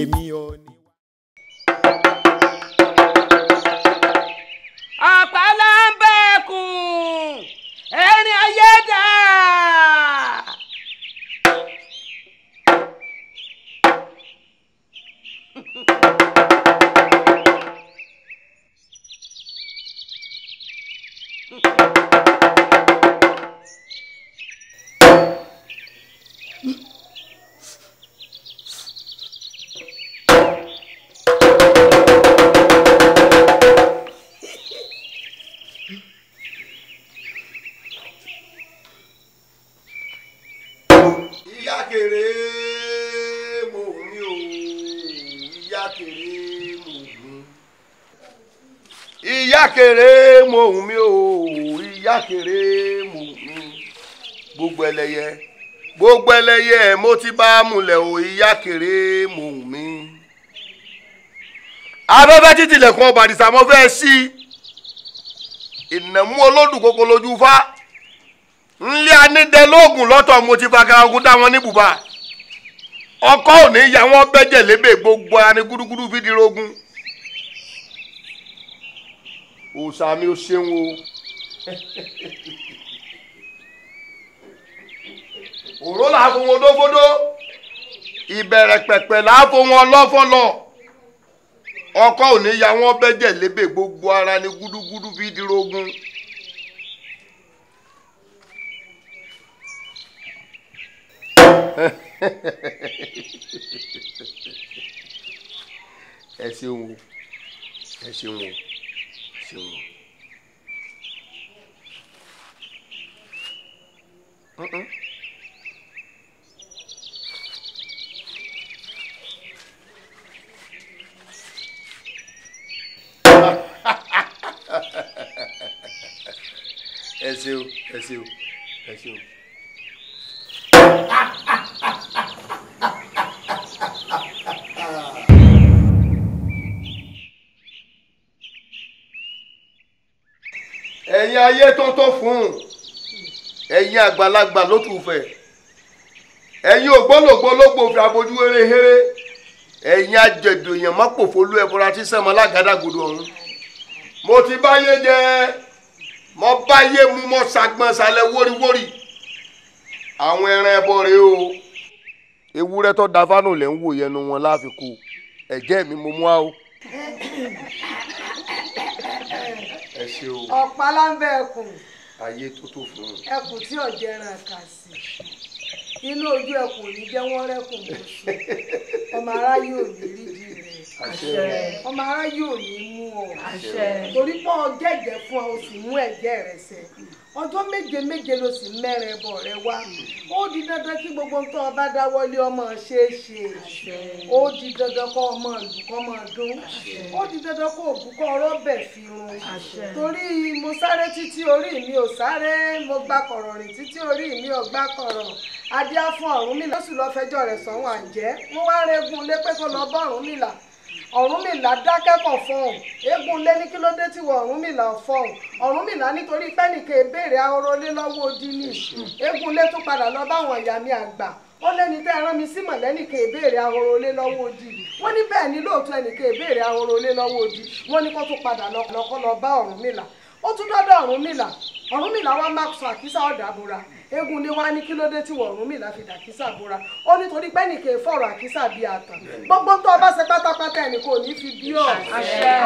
emi oni kéré mo hùn mi o ìyá kéré mo hùn mi gbogbo ẹlẹ́yẹ gbogbo ẹlẹ́yẹ mo ti bá mulẹ̀ o ìyá kéré mo hùn mi. abẹ́fẹ́ títí ilẹ̀kùn ọba àdìsá mo fẹ́ sí ìnàmú olódùn lójú fá ńlẹ́ anídẹ́lógún lọ́tọ̀ mo ti fa dá wọn ní bùbá ọkọ òní ya wọn bẹ́jẹ̀ gbogbo anigudugudu fídírógún òòṣà mi ò ṣeun o òró làá fún wọn dófódó ìbẹ̀rẹ̀ pẹ̀pẹ̀ làá fún wọn lọ́fọ́lọ́ ọkọ ò ní ya wọn bẹ́jẹ̀ lébè gbogbo ara ní gúdúgúdú fi dirogun. ẹ ṣeun o ẹ ṣeun o. Uh -uh. é seu, é seu, é seu. ẹ̀yin ayé tó tó fún un ẹ̀yin àgbàlagbà ló tù fẹ̀ ẹ̀yin ògbólógbó lógbò fi abojú hérehére ẹ̀yin ajẹ̀dòyàn mọ́pòfolú ẹ̀bùra tí sẹ́mọ́ lágàdàgodo ọ̀run mo ti báyé jẹ mo báyé mu mo ṣàgbọ́n ṣàlẹ̀ wóríwórí àwọn ẹran ẹbọ rèé o ewúrẹ́ tó da fánù lẹ́ ń wò yẹnu wọn láfikún ẹ̀jẹ̀ mi mo mú a o ẹ o. ọ̀pá láńbẹ́ ẹkùn. ayé tó tó fún un. ẹkùn tí ọ̀jẹ̀ràn kà sí inú ojú ẹkùn yìí jẹ́ wọ́n rẹ́kùn kò sí ọmọ aráyé ò ní rídìí rẹ̀ ọmọ aráyé ò ní mú ọ torí pé ọ jẹ́jẹ́ fún ọ o sì mú ẹ̀jẹ̀ rẹ̀ sẹ́yìn ọjọ́ méje méje ló sì mẹ́rin ẹbọ rẹ wá ó di dandan kí gbogbo nǹkan ọba dáwọ́lé ọmọ ṣe é ṣe ó di dandan kọ́ ọmọ ìlú kọ́ dún ó di dandan kó òkú kọ́ ọ̀rọ̀ bẹ̀ fi run torí mo sáré títí orí mi ò sáré mo gbà kọ̀rọ̀ rìn títí orí mi ò gbà kọ̀rọ̀ adé á fún Ọ̀rúnmìlà lọ́sùn lọ́ọ́ fẹjọ́ rẹ̀ sọ̀hún àjẹ́ wọ́n wá rẹ́gùn lépẹ́ kó lọ́ọ́ bọ́ Ọ̀rúnmìlà ọ̀rúnmìlà dákẹ́kọ̀ọ́ fọ̀hùn eégún lé ní kílódé tí wọ́n ọ̀rúnmìlà fọ̀hùn ọ̀rúnmìlà nítorí pẹ́nìkè béèrè ahorolé lọ́wọ́ odi ni eégún lé tún padà lọ báwọn ìyá mi àgbà ó lẹ́ni tẹ́ ẹran mi sí mọ̀lẹ́nìkè béèrè ahorolé lọ́wọ́ odi wọ́n ní bẹ́ẹ̀ ni lóòótọ́ ẹnìkè béèrè ahorolé lọ́wọ́ odi wọ́n ní kó tún padà lọ́kọ́ lọ bá ọ̀rúnmìlà ó tún dọ́dọ̀ ọ̀rúnmìlà ọ̀rúnmìlà wa máa sọ àkísà ọ̀dàbúra eégún lé wá ní kí ló dé tí wọ́n rún mi láfi dàkísà bóra ó nítorí pé nìkè fọ̀rọ̀ àkísà bí àtàn gbogbo tó o bá ṣe pátápátá ẹnì kò ní fi bí ọ̀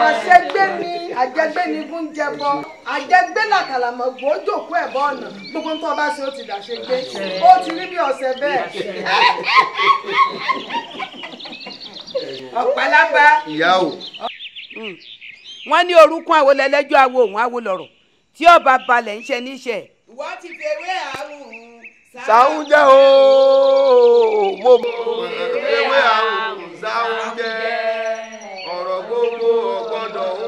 àṣẹgbé ni àjẹgbé ni gún jẹ bọ àjẹgbé làkàlà mọ̀ gbó jòkó ẹ̀ bọ́ ọ̀nà gbogbo tó o bá ṣe ó ti dàṣegbé ó ti rí bí ọ̀sẹ̀ bẹ́ẹ̀ ọ̀pálápá. ìyá hmm. wọ́n ní orúkún àwo lẹ́lẹ́jọ́ àwo òun àwo lọ̀rọ̀ tí ọba balẹ̀ ń ṣe níṣẹ́ wọ́n ti fi ewé àrùn. sàúnjẹ ooo mo ewé àrùn sàúnjẹ ọ̀rọ̀ gbogbo ọ̀gbọ́dọ̀ ń.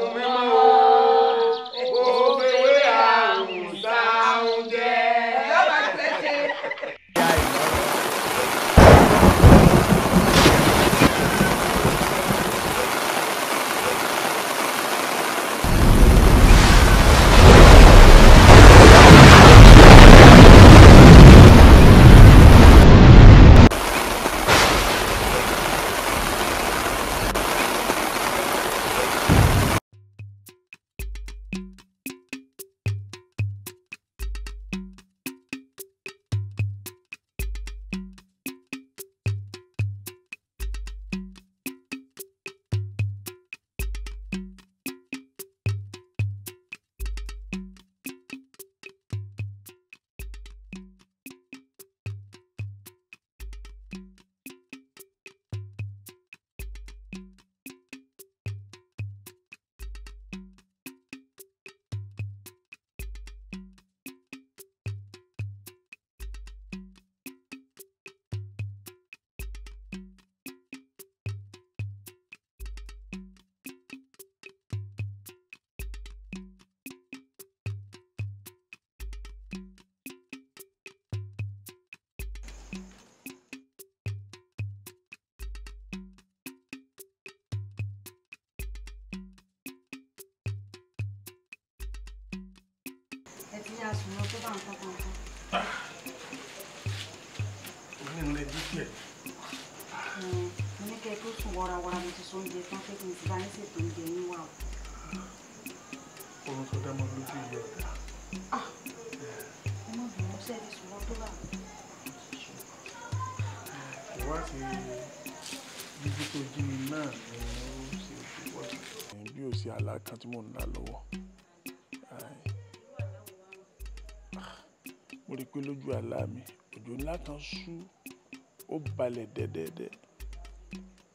wáṣẹ jíjí tó jí mi náà ni ó bí o ṣe àlá tí mò ń là lọ́wọ́ ah, mo rí i pé lójú àlá mi òjò ńlá kan ṣú ó balẹ̀ dẹ́dẹ́dẹ́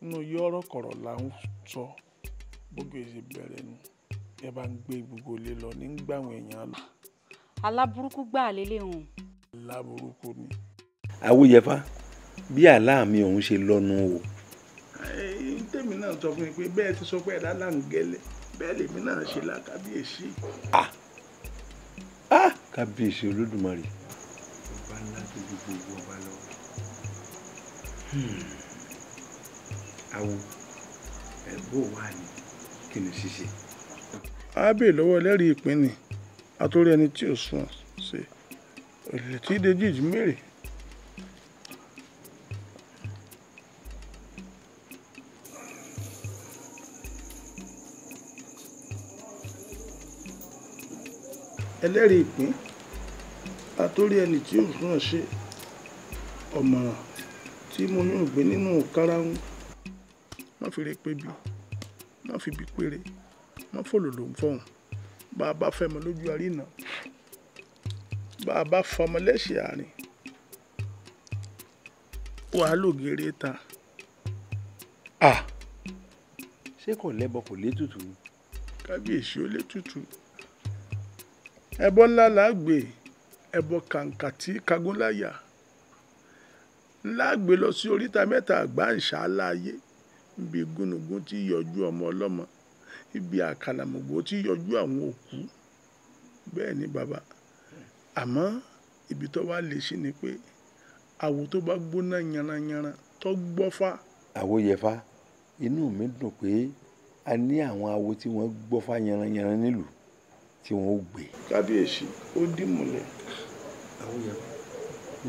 nínú iye ọ̀rọ̀ kọ̀rọ̀ là ń sọ gbogbo èsì bẹ̀rẹ̀ nu ẹ bá ń gbé gbogbo ilé lọ ní gbà èèyàn lọ. aláburúkú gbà lélẹ̀ hàn. aláburúkú ni. awúyẹfà bí àlá mi ọ̀hún ṣe lọ́nu o. tèmi náà sọ fún mi pé bẹ́ẹ̀ ti sọ pé ẹ̀dá láǹgẹ̀lẹ̀ bẹ́ẹ̀ lèmi náà ṣe la kábíyèsí. kábíyèsí olódùmarè. ọba ńlá tó ju gbogbo ọba lọ. Hmm. àwo ẹ̀bùn wà ní kí ni ṣíṣe. a lọ́wọ́ ẹlẹ́rìí ìpín ni àtòrí ẹni tí ò sùn ṣe òlùtí dèjì ìjì mẹ́rin. ẹlẹ́rìí ìpín àtórí ẹni tí òṣùwọ̀n ṣe ọ̀mọ̀ràn tí mo yún gbé nínú karahun má fi re pébi má fi bí péré má fòlòlò ń fọ̀hún bá a bá fẹ́ mọ lójú àríná bá a bá fọmọ lẹ́sẹ̀ àárín wàá lògèrè ta ṣé kò lẹ́bọ kò létùtù ni. kábíyèsí ó létùtù ẹbọ ńlá làágbé ẹbọ kàǹkà tí kagúnláyà láàgbé lọ sí oríta mẹ́ta àgbáǹṣá láàyè ibi gúnugún tí yọjú ọmọ ọlọ́mọ ibi àkàlàmọ̀gbò tí yọjú àwọn òkú bẹ́ẹ̀ ni bàbá àmọ́ ibi tó wá lè sí ni pé àwo tó bá gbóná yanranyanran tó gbọ́fà. àwo yẹfa inú mi dùn pé a ní àwọn awo tí wọ́n gbọ́fà yanranyanran nílùú tí wọ́n ó gbé. kábíyèsí ó dìmúlẹ̀. àwòyẹ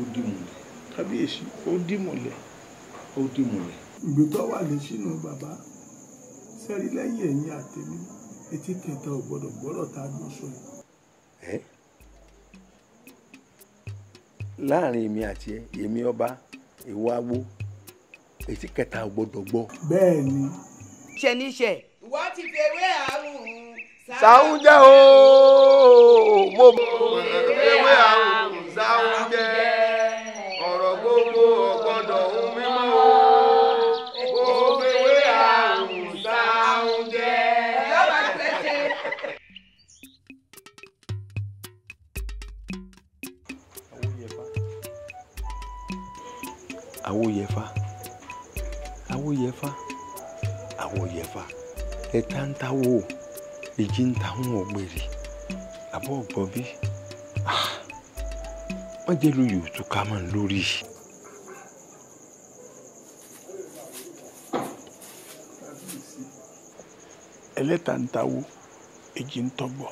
ó dìmúlẹ̀. kábíyèsí ó dìmúlẹ̀. ó dìmúlẹ̀. ìgbìtọ́ wà lè ṣínú bàbá sẹ́rí lẹ́yìn ẹ̀yìn àtẹ̀mí etí kẹta ò gbọ́dọ̀ gbọ́dọ̀ tá a gbọ́n sọ yìí. ẹ láàrin èmi àti ẹ èmi ọba ìwọ awo etí kẹta ò gbọ́dọ̀ gbọ́. bẹ́ẹ̀ ni. ṣe ní ṣe. ìwọ ti fi ewé àárùn sàúnjẹ ooo mo mọ ewé àrùn sàúnjẹ ọ̀rọ̀ gbogbo ọ̀gbọ́dọ̀ ohun mímọ́ o mo mọ ewé àrùn sàúnjẹ. awoyefa awoyefa awoyefa ẹ ń ta wo ìjì ń táwọn ògbèrè àbọ̀ ọ̀gbọ́n bí wọ́n ah, jẹ́ lóyè òtúká mọ́ lórí. ẹlẹ́ta ń tawó èjì ń tọgbọ̀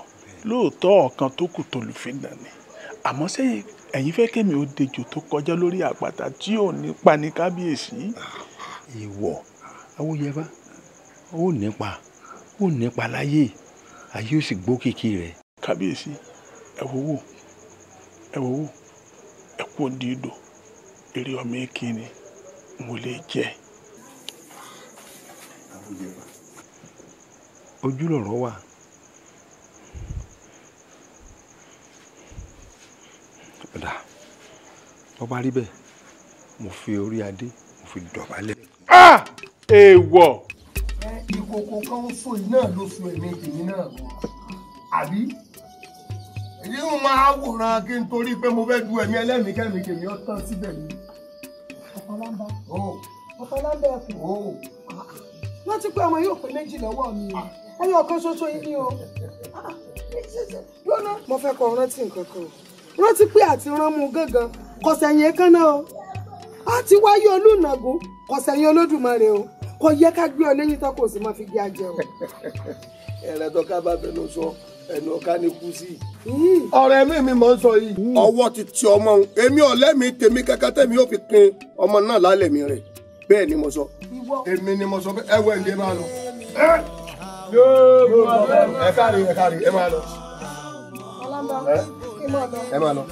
lóòótọ́ ọ̀kan tó kù tó lùfín dání àmọ́ sẹ́yìn ẹ̀yin fẹ́ kẹ́mi ó dejò tó kọjá lórí àpáta tí ò ní pa ní kábíyèsí. ìwọ awóyẹfà ó nípa ó nípa láyé ayé ó sì gbókìkí rẹ̀. kábíyèsí ẹ wò wò ẹ wò wò ẹ kú òdi ìdò eré ọmọ èké ni mo lè jẹ. ojú lọ̀rọ̀ wà. ọ̀dà bọ́bá rí bẹ́ẹ̀ mo fi orí adé mo fi dọ̀bálẹ̀. Ah! èèwọ̀. Ah! òkùnkùn kan ń fò yìí náà ló fi ẹ̀mí tèmi náà wọ̀ àbí èyí ń máa wòran kí n torí pé mo fẹ́ du ẹ̀mí ẹlẹ́mìí kẹ́mi kèmí ó tán síbẹ̀ yìí. ọ̀pọ̀lọpọ̀ ọ̀pọ̀lọpọ̀ ẹ̀kọ́ wọ́n ti pé ọmọ yóò pé méjì lọ́wọ́ mi o ah. ẹyọ kan ṣoṣo yìí ni o ah, ah. lọ́nà mo fẹ́ kọ rántí nǹkan kan o rántí pé àti ránmu gángan kọ̀sẹ̀yìn kan náà o àti wáyé olùnàgún kọ̀sẹ̀yìn olódùmarè o kò yẹ ká gbé ọ lẹ́yìn tó kò sì máa fi jẹ ajẹ o. ẹ̀rẹ̀ tó ká bá fẹnu sọ ẹnu ọ̀ká ni kú sí. Hmm. ọ̀rọ̀ ẹ̀mí mi mọ̀ ń sọ yìí. Hmm. ọwọ́ ti ti ọmọ òun èmi ọ̀lẹ́ mi tèmi kankan tẹ̀mí yóò fi pin ọmọ náà lálẹ́ mi rẹ̀ bẹ́ẹ̀ ni mo sọ. èmi ni mo sọ pé ẹ wẹ ǹdẹ máa lọ. ẹ káàrí ẹ káàrí ẹ máa lọ. ẹ máa lọ ẹ máa lọ.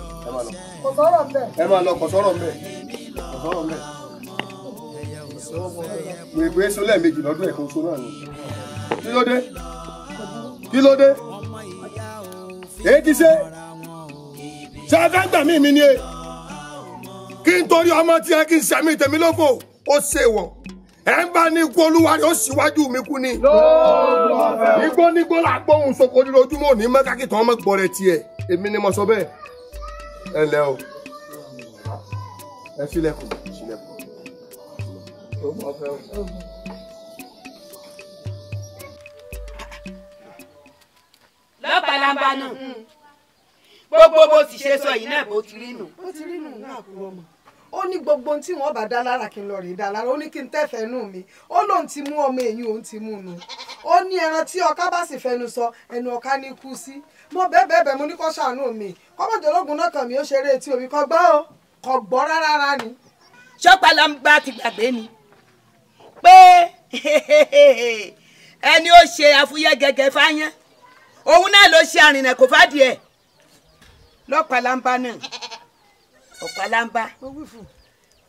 kò sọ̀rọ̀ ẹ máa lọ kò sọ̀rọ̀ mbẹ́ kò gbègbè sọ lẹ́ẹ̀mejì lọ́dún ẹ̀kan oṣù náà ni kí ló dé kí ló dé èyí ṣe ṣe afẹ́gbà mi mi ni e kí n torí ọmọ tí ẹ kí n ṣẹ̀mí tèmi lóko ó ṣèwọ̀ ẹ ń bá ní ikú ó síwájú mi kú ni. igbó nígbó la gbóhùn soko lójoojúmọ́ òní mẹ́kàkì tán ọmọ gbọ́ tiẹ̀ èmi ni mo sọ bẹ́ẹ̀ ẹ lẹ́ o ẹ sílẹ̀kùn tó mọ̀ fẹ́ o. lọ́pàlàpà náà mm. gbogbo bó ti ṣe sọ yìí náà bó ti rí nù. bó ti rí nù ní àkúrọ̀ mọ̀ ó ní gbogbo ohun tí wọn bá dá lára kí n lọ rèé dá lára ó ní kí n tẹ̀fẹ́ nù ó lóun ti mú ọmọ èyí òun ti mú nu ó ní ẹran tí ọká bá sì fẹnu sọ ẹnu ọká ní kú sí mo bẹ́ẹ̀ bẹ́ẹ̀ bẹ́ẹ̀ mo ní kó ṣàánú mi kọ́mọ̀dọ́lógún náà kàn mí ó ṣeré etí omi kò gbọ́ o kò gbọ́ rárá rárá ni. ṣọ́pàá làǹgbà ti gbàgbé ni pé ẹni ó ṣe àfúyẹ́ gẹ́gẹ́ fáyán òun náà ló ṣe àrìnà kò fàdí ẹ̀ lọ́pàlàmbá náà ọ̀pàlàmbá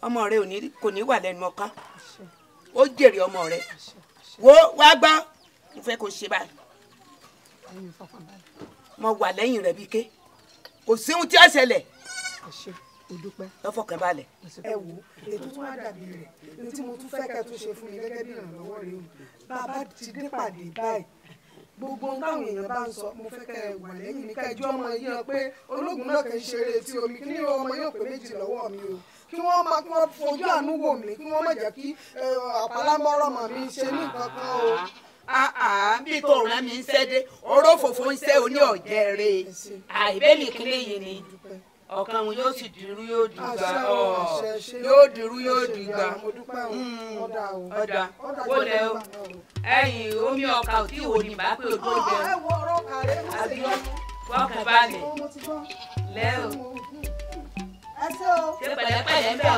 ọmọ rẹ kò ní wà lẹ́nu ọkàn ó jèrè ọmọ rẹ wo wá gbọ́ mo fẹ́ kó ṣe báyìí mo wà lẹ́yìn rẹ̀ bí ké kò sí tí ó ṣẹlẹ̀ lọ fọkàn balẹ̀. ẹ wo ètò tó wá dàbí rẹ̀ ní tí mo tún fẹ́ kẹ́ tó ṣe fún mi gẹ́gẹ́ bí ìrànlọ́wọ́ rẹ o bàbá ti dé pàdé báyìí gbogbo ohun táwọn èèyàn bá ń sọ mo fẹ́ kẹ́ ẹ wà lẹ́yìn mi kẹjú ọmọ yìí hàn pé ológun náà kì í ṣeré etí omi kí ní ọmọ yóò pé méjì lọ́wọ́ mi o kí wọ́n máa kí wọ́n fojú àánú wò mí kí wọ́n má jẹ́ kí àpálámọ́rọ̀ mọ̀ mi ṣe ní nǹkan o bí tó rán mi ń ṣẹ́ dé oró ń ṣẹ́ oní ọ̀jẹ̀ rè àìbẹ́mi yìí ni ọ̀kan wọn yóò sì dirú yóò dùgbà yóò dirú yóò dùgbà hmm, ọ̀dà wó lẹ o ẹ̀yìn omi ọ̀ka ò tí ò ní bá pé ojú ọ̀dẹ àbí fọkàn balẹ̀ lẹ o ṣe pẹ̀lẹ́pẹ̀lẹ́ ń bẹ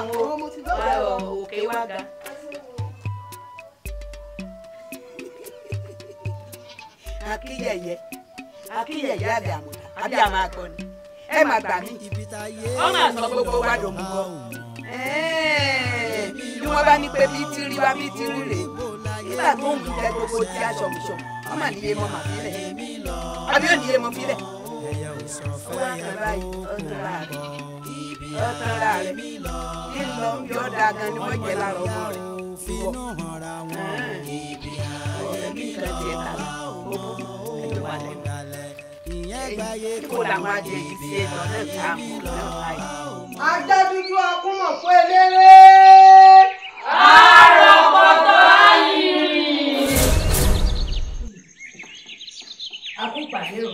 àwọn òkè wá ga. akíyẹyẹ akíyẹyẹ àbí àmọ àbí àmọ akọni ẹ má gbà mí ọmọ àtọ gbogbo wa ló mú kọ bí wọn bá ní pé bí tírí wá bí tírí rè nígbà tó ń bùkẹ gbogbo tí a ṣọmùṣọ ọmọ níye mọ mà fílẹ àbí níye mọ fílẹ wọn kàn báyìí ọtàn rà rẹ ọtàn rà rẹ nílò yọ̀ọ̀dà gan ni wọ́n jẹ́ lára ọmọ rẹ wọ̀ ẹ̀ mi kàn tiẹ̀ kà ó bú ẹ̀jọ̀ wà lẹ́nu sẹ́yìn kó làwọn àjèjì fi ètò náà ta àpò náà báyìí. ajá dúdú akúmọ̀ fún eléré. àárọ̀ pọ̀tọ́ ayìrì. akúpàdé o.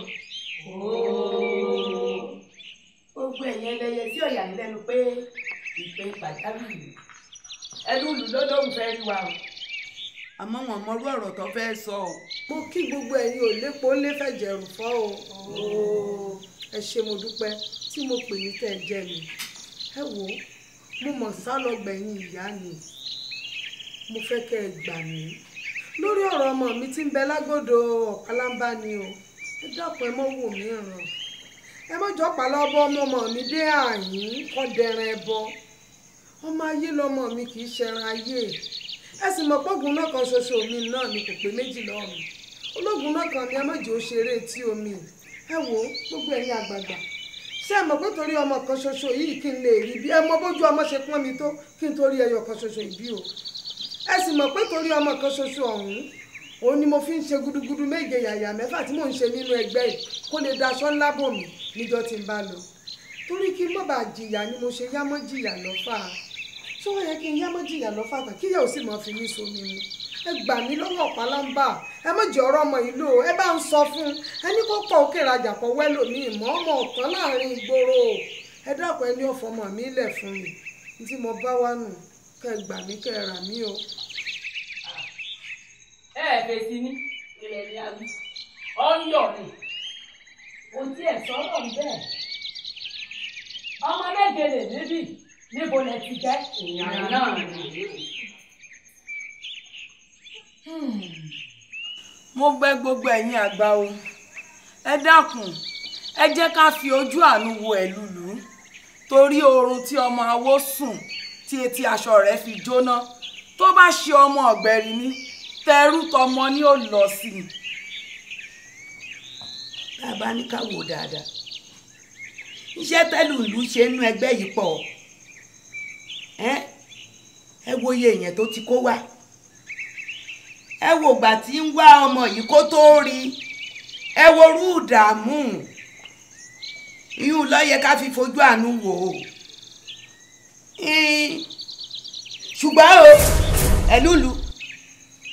gbogbo ẹ̀yẹ ẹlẹ́yẹ tí ọ̀yà ń lẹ́nu pé ìpè pàjáwìrì ẹnu lù lọ́dọ̀ ń fẹ́ rí wa o àmọ́ wọn mọrú ọ̀rọ̀ tó fẹ́ sọ o. mo kí gbogbo ẹ̀yin ò lépo ó lé fẹ̀jẹ̀rù fọ́ o ẹ ṣe mo dúpẹ́ tí mo pè ní tẹ̀ jẹ́ mi ẹ wò ó mo mọ̀ sá lọ gbẹ̀yìn ìyá mi mo fẹ́ kẹ́ ẹ gbà mí lórí ọ̀rọ̀ ọmọ mi tí ń bẹ lágbọ́dọ̀ ọ̀pálámbá ni o ẹ dákun ẹ mọ́ wò mí ràn ẹ mọ́ jọ́pàá lọ́bọ́ ọmọ ọmọ mi dé àyín kọ́ dẹran ẹbọ ọmọ ayé lọmọ mi kì í ṣẹran ayé ẹ sì mọ̀ pọ́gùn náà kan ṣoṣo mi náà ni kò pé méjì lọ́wọ́ mi ológun náà kan ni ẹ má jẹ́ ó ṣeré etí omi ẹ wò ó gbogbo ẹ̀yin àgbààgbà ṣé ẹ mọ̀ pé torí ọmọ kan ṣoṣo yìí kí n lè rí bí ẹ mọ bójú ọmọ ṣe pọ́n mi tó kí n torí ẹyọ kan ṣoṣo ìbí o ẹ sì mọ̀ pé torí ọmọ kan ṣoṣo ọ̀hún òun ni mo fi ń ṣe gudugudu méje yàyà mẹ́fà tí mò ń ṣe nínú ẹgbẹ́ yìí kó lè daṣọ ńlá bò níjọ́ tí n bá lọ torí kí n jìyà ni mo ṣe yá mọ́ jìyà lọ́fà á ṣé wọ́n yẹ kí n yá méjì yà lọ́fàtà kí ìyá ò sì máa fi mí mi mu ẹ gbà mí lọ́wọ́ ọ̀pálámbà ẹ méjì ọ̀rọ̀ ọmọ ìlú ẹ bá ń sọ fún ẹni kó kọ́ òkè rajà pọ̀ wẹ́lò ní ìmọ̀ ọmọ ọ̀tán láàrin ìgboro ẹ dákun ẹni ọ̀fọ̀ lẹ̀ fún mi tí mo bá nù gbà mí rà mí o. ẹ ẹ ní ilẹ̀ níbo lẹ ti jẹ́ ìyàrá náà mo gbẹ gbogbo ẹ̀yin àgbà o ẹ dákun ẹ jẹ́ ká fi ojú àánú wo ẹ̀lúlú torí oorun tí ọmọ awo sùn tí etí aṣọ rẹ̀ fi jóná tó bá ṣe ọmọ ọ̀gbẹ̀rì ni tẹrú tọmọ ni ó lọ sí i. tá a bá ní ká wò dáadáa iṣẹ́ tẹ́lùlù ṣe nú ẹgbẹ́ yìí pọ̀ ẹ wo iye èèyàn tó ti kó wá ẹ wo ìgbà tí ń wá ọmọ yìí kó tó rí ẹ wo rú ìdààmú ìyún lọ́yẹ ká fi fojú àánú wò ó ṣùgbọ́n o ẹ̀lúlu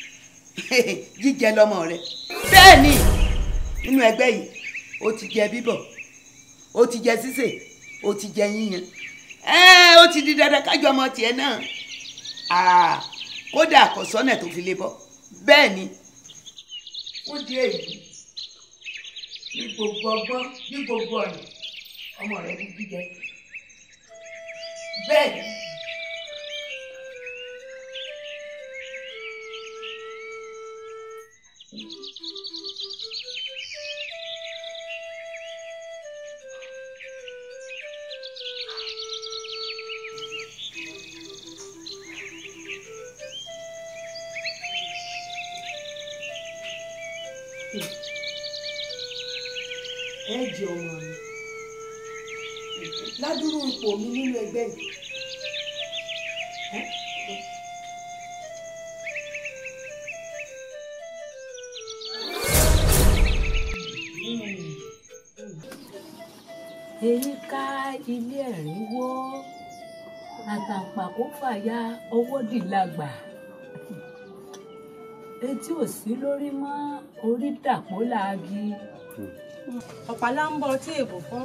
jíjẹ lọmọ rẹ bẹ́ẹ̀ ni nínú ẹgbẹ́ yìí ó ti jẹ bíbọ̀ ó ti jẹ sísè ó ti jẹ yíyan ẹ ó ti di dandan kájọ ọmọ tiẹ̀ náà kódà kò sọ́nà tó fi lè bọ́ bẹ́ẹ̀ ni ó di èyí ní gbogbo ọgbọ́n ní gbogbo ọ̀nà ọmọ rẹ ní gbígbẹ bẹ́ẹ̀ ni. thank you ẹ jẹ ọmọ mi ládùúrú ipò mi nínú ẹgbẹ́ yìí. èyí ká ilé ẹ̀rín wó àtàǹpàkò fàya ọwọ́ dìlagbà etí ò sí lórí mọ́ orí dàpọ̀ láàgì. ọ̀pàlà ń bọ ọtí èbò fún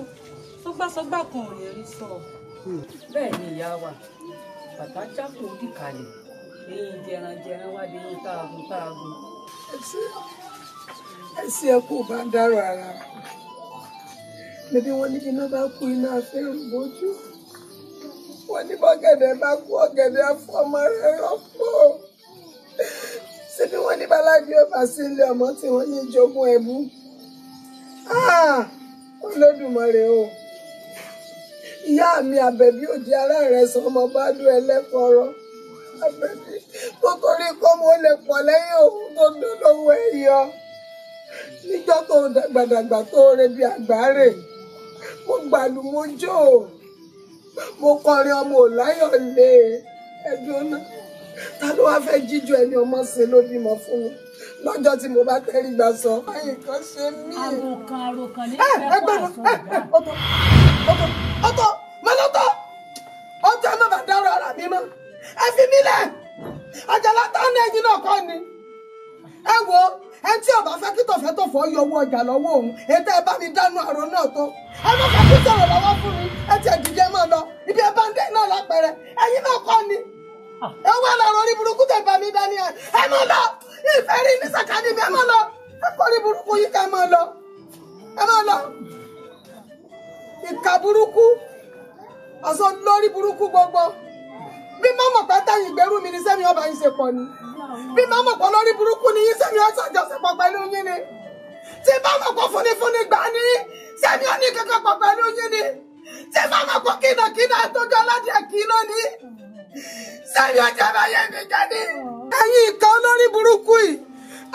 tó gbàsọ́gbà kan ò lè rí sọ. bẹ́ẹ̀ ni ìyá wa bàtà jákò orí kalẹ̀ lẹ́yìn jẹranjẹran wá dé ní táàgùn táàgùn. ẹsẹ̀ ẹkú bá ń dárò ara níbi wọn ní iná bá kú iná afẹ́rù bójú wọn ní bọ́gẹ̀dẹ̀ bá kú ọ̀gẹ̀dẹ̀ afọ́mọ rẹ̀ rọ́pò síbi wọn ní bálágbé ọba sí ilé ọmọ tí wọn ní jogún ẹbú ah! olódùmarè o ìyá mi àbẹ̀bí òdi ara rẹ̀ sọ ọmọ bá dún ẹlẹ́fọ̀ọ́rọ́ àbẹ̀bí nítorí kọ́mọ lè pọ̀ lẹ́yìn òun tó dún lówó ẹ̀yọ níjọ́ tó dàgbàdàgbà tó re bí àgbáre mo gbàlù mo jó mo kọrin ọmọ ò láyọ̀ lé ẹ̀dùn náà ta ló wá fẹ́ jíjú ẹni ọmọ ṣe ló bímọ fún mi lọ́jọ́ tí mo bá tẹ́rí gbà sọ. nǹkan ṣe mí. àròkàn àròkàn ní ìfẹ́ kó àṣọ ìgbà. ọtọ ọtọ ọtọ mọlọtọ ọtọ ẹ má bàa dárò ara mi mọ́ ẹ fi mí lẹ̀ àjàlá táwọn ẹyin náà kọ́ ni ẹ wo ẹ tí ọba fẹ́ kí tọ̀fẹ́ tọ̀fọ́ yọ owó ọjà lọ́wọ́ òun ètò ẹ bá mi dánú àrò náà tó ẹ má fẹ́ kí sọ̀rọ̀ lọ́wọ́ fún mi ẹ ti ẹ dìde mọ́ lọ ibi ẹ bá ń dé náà lápẹẹrẹ ẹyin náà kọ́ ni ẹ wá lọ́rọ̀ orí burúkú tẹ̀ bá mi dání ẹ ẹ mọ lọ ìfẹ́ rí ní sàkánì mi ẹ mọ lọ ẹ kọ́ orí burúkú yìí kẹ́ ẹ mọ lọ ẹ mọ lọ ìka burúkú ọ̀sán lórí burúkú gbogbo bí mọ́mọ́ pátá yìí gbẹ́rú mi ní sẹ́mi ọba yìí ṣe pọ̀ ni bí mọ́mọ́ pọ̀ lórí burúkú ni yín sẹ́mi ọ̀sán àjọṣepọ̀ pẹ̀lú yín ni tí mọ́mọ́ pọ̀ fúnifúni gbà ní sẹ́mi ọ̀ní kankan pọ̀ pẹ̀lú yín ni tí mọ́mọ́ pọ̀ kínàkínà tó jọ aládìẹ kínà ni sáré ọjà báyà mi jáde. ẹ̀yin ìka olórí burúkú yìí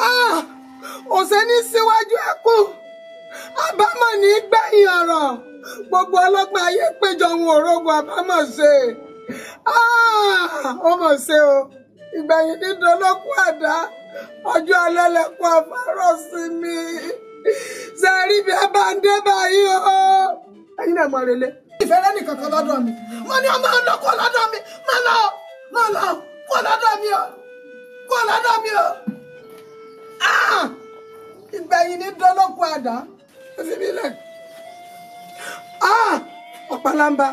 ah, ọ̀sẹ̀ ní síwájú ẹ̀kú àbámọ̀ ní gbẹ̀yìn ọ̀rọ̀ gbogbo ọlọ́pàá ayé péjọ ohun òrógun àbámọ̀ ṣe ah, ó mọ̀ ṣe o ìgbẹ̀yìn nínú olókùn àdá ọjọ́ alẹ́ lẹ́kùn sí mi ṣe rí bí a bá ń dé báyìí o ẹ̀yin náà mọ̀ rẹ̀ lé ìfẹ́rẹ́ nìkan kan lọ́dọ̀ mi mo ní ọmọ ọlọ́ kó lọ́dọ̀ mi má lọ má lọ kó lọ́dọ̀ mi o kó lọ́dọ̀ mi o ah! ìgbẹ̀yìn ní dọ́lọ́kùn àdá ó fi mí lẹ̀ ah! ọ̀pálámbá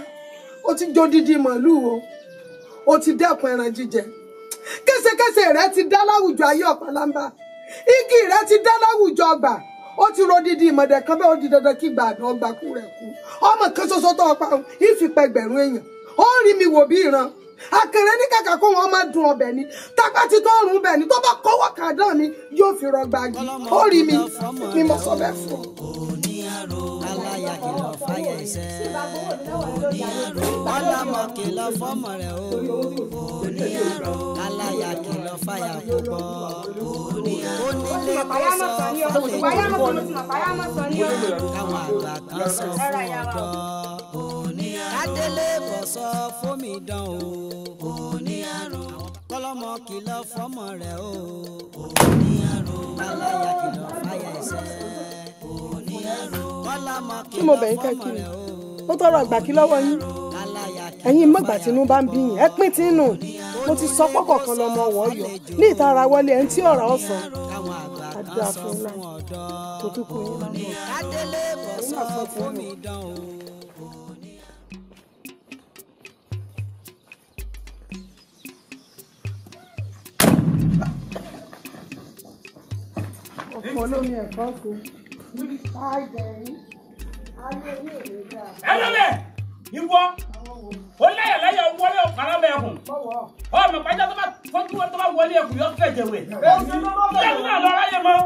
ó ti jó dídí màlúù o ó ti dẹ́kun ẹran jíjẹ kẹsẹkẹsẹ rẹ ti dá láwùjọ ayé ọ̀pálámbá igi rẹ ti dá láwùjọ ọgbà ó ti ro dídí ìmọ̀dẹ̀ kan bẹ́ẹ̀ ó di dandan kí gbàdùn ọgbà kú rẹ̀ kú ọmọ kan ṣoṣo tó ọpa ìfipẹ́ gbẹ̀rún èèyàn ó rí mi wò bí ìran akẹrẹ ní kàkà kó wọn máa dùn ọbẹ̀ ni tápá ti tó rùn bẹ̀ ni tó bá kọ́wọ́ kàdán mi yóò fi rọgbà yìí ó rí mi ni mo sọ bẹ́ẹ̀ fún ọ ṣe oníyàrá ọlọmọ kìlọ̀ fọ́mọ rẹ̀ o oníyàrá aláya kìlọ̀ fàyà púpọ̀ oníyàrá onílé kò sọ fàlejò káwọn àgbà kan sọ fún ọkọ kádélé kò sọ fómi dán o oníyàrá kọlọmọ kìlọ̀ fọ́mọ rẹ̀ o oníyàrá aláya kìlọ̀ fàyà ẹsẹ kí mo bẹ̀ yín mo tọrọ àgbà kí lọ́wọ́ yín ẹ̀yin mọ̀gbà tínú bá ń bí yín ẹ pín tí mo ti sọ pọ́kọ̀ kan lọ́mọ wọ́ọ̀yọ́ ní ìtara wọlé ẹ̀ tí ọ̀rọ̀ ọ̀sán adé àfọlá tó tún kú yín ọkọ olómi ẹ̀fọ́ kù ẹlẹ́lẹ̀ ìwọ ó lẹ́yà lẹ́yà wọlé ọ̀kàrà mẹ́kùn ọ mẹ pàjá tó bá fojú wọn tó bá wọlé ẹkùn yọ kẹjẹ wẹ lẹ́yìn náà lọ́ra yẹ mọ́.